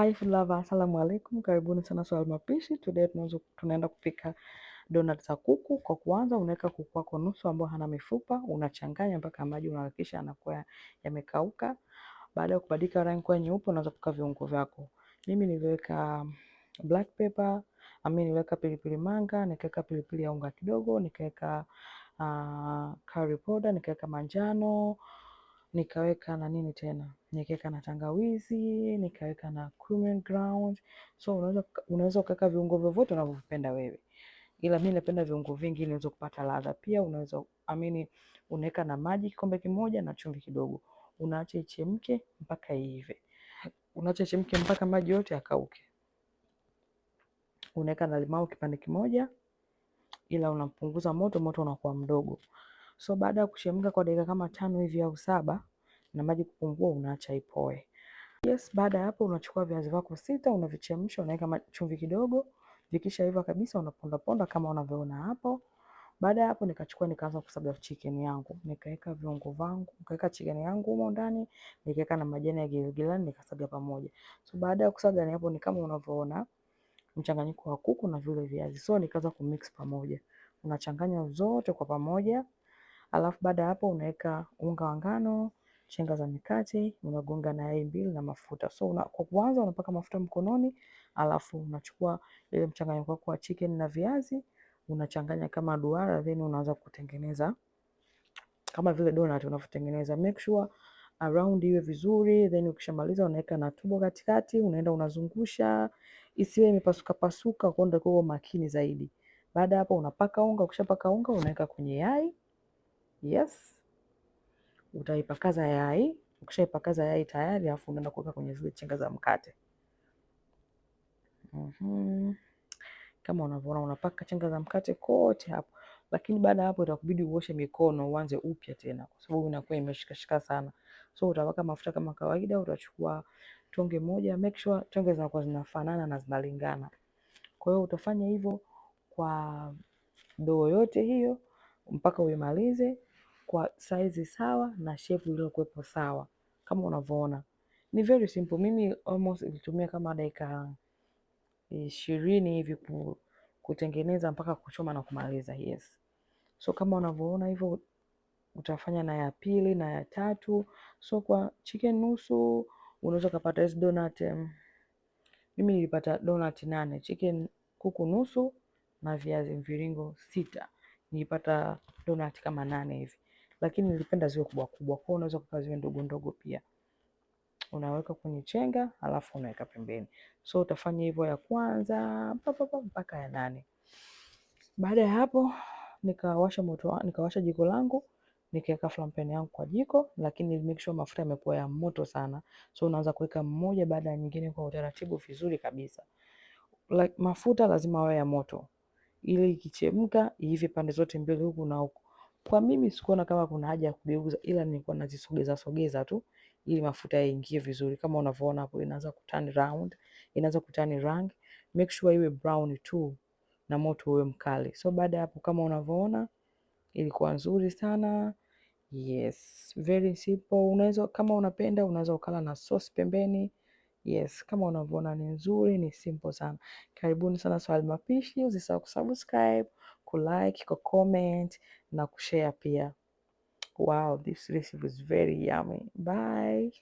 Hi lover, assalamu alaikum, karibuni sana Swala Mapishi. Today tunazo tunaenda kupika donut za kuku. Kwa kuanza, unaweka kuku wako nusu ambao hana mifupa, unachanganya mpaka maji unahakikisha yanakuwa yamekauka. Baada ya kubadilika rangi kuwa nyeupe, unaanza kuweka viungo vyako. Mimi niliweka um, black pepper, mimi niliweka pilipili manga, nikaweka pilipili ya unga kidogo, nikaweka uh, curry powder, nikaweka manjano nikaweka na nini tena, nikaweka na tangawizi, nikaweka na cumin ground. So unaweza unaweza ukaweka viungo vyovyote unavyopenda wewe, ila mimi napenda viungo vingi ili niweze kupata ladha. Pia unaweza amini, unaweka na maji kikombe kimoja na chumvi kidogo, unaacha ichemke mpaka iive, unaacha ichemke mpaka maji yote yakauke. Unaweka na limau kipande kimoja, ila unapunguza moto, moto unakuwa mdogo. So baada ya kuchemka kwa dakika kama tano hivi au saba na maji kupungua, unaacha ipoe. Yes, baada ya hapo unachukua viazi vyako sita, unavichemsha, unaweka chumvi kidogo, vikishaiva kabisa unaponda ponda kama unavyoona hapo. Baada ya hapo nikachukua nikaanza kusaga chicken yangu, nikaweka viungo vangu, nikaweka chicken yangu humo ndani, nikaweka na majani ya giligilani nikasaga pamoja. So baada ya kusaga ni hapo ni kama unavyoona mchanganyiko wa kuku na vile viazi. So nikaanza kumix pamoja. Unachanganya zote kwa pamoja. Alafu baada ya hapo unaweka unga wa ngano, chenga za mikate, unagonga na yai mbili na mafuta. So una, kwa kwanza unapaka mafuta mkononi, alafu unachukua ile mchanganyiko wako wa chicken na viazi, unachanganya kama duara, then unaanza kutengeneza kama vile donut unavyotengeneza. Make sure around iwe vizuri, then ukishamaliza unaweka na tubo katikati, unaenda unazungusha isiwe imepasuka pasuka, kwa ndio kwa makini zaidi. Baada hapo unapaka unga, ukishapaka unga unaweka kwenye yai. Yes. Utaipakaza yai, ukishaipakaza yai tayari, alafu unaenda kuweka kwenye zile chenga za mkate. Mm-hmm. Kama unavyoona unapaka chenga za mkate kote hapo, lakini baada ya hapo itakubidi uoshe mikono uanze upya tena, kwa sababu inakuwa imeshikashika sana. So utawaka mafuta kama kawaida, utachukua tonge moja, make sure tonge zinakuwa zinafanana na zinalingana. Kwa hiyo utafanya hivyo kwa doo yote hiyo mpaka uimalize kwa saizi sawa na shevu iliyokuwepo sawa, kama unavyoona ni very simple. Mimi almost ilitumia kama dakika eh, ishirini hivi kutengeneza mpaka kuchoma na kumaliza. Yes, so kama unavyoona hivyo utafanya na ya pili na ya tatu. So kwa chicken nusu unaweza ukapata hizi donut. Mm, mimi nilipata donut nane, chicken kuku nusu na viazi mviringo sita, nilipata donut kama nane hivi lakini nilipenda ziwe kubwa kubwa. Kwa hiyo unaweza kuweka ziwe ndogo ndogo pia. Unaweka kwenye chenga alafu unaweka pembeni. So utafanya hivyo ya kwanza mpaka ya nane. Baada ya hapo nikawasha moto, nikawasha jiko langu nikaweka frying yangu kwa jiko, lakini make sure mafuta yamekuwa ya moto sana. So unaanza kuweka mmoja baada ya nyingine kwa utaratibu vizuri kabisa. Like, mafuta lazima awe ya moto ili ikichemka iive pande zote mbili huku na huku. Kwa mimi sikuona kama kuna haja ya kugeuza, ila nilikuwa nazisogeza sogeza tu ili mafuta yaingie vizuri, kama unavyoona hapo inaanza kuturn round, inaanza kuturn rangi, make sure iwe brown tu na moto uwe mkali. So baada ya hapo, kama unavyoona ilikuwa nzuri sana. Yes, very simple. Unaweza kama unapenda unaweza ukala na sauce pembeni. Yes, kama unavyoona ni nzuri, ni simple sana. Karibuni sana Swahili Mapishi, usisahau kusubscribe kulike, comment na kushare pia. Wow, this recipe is very yummy. Bye.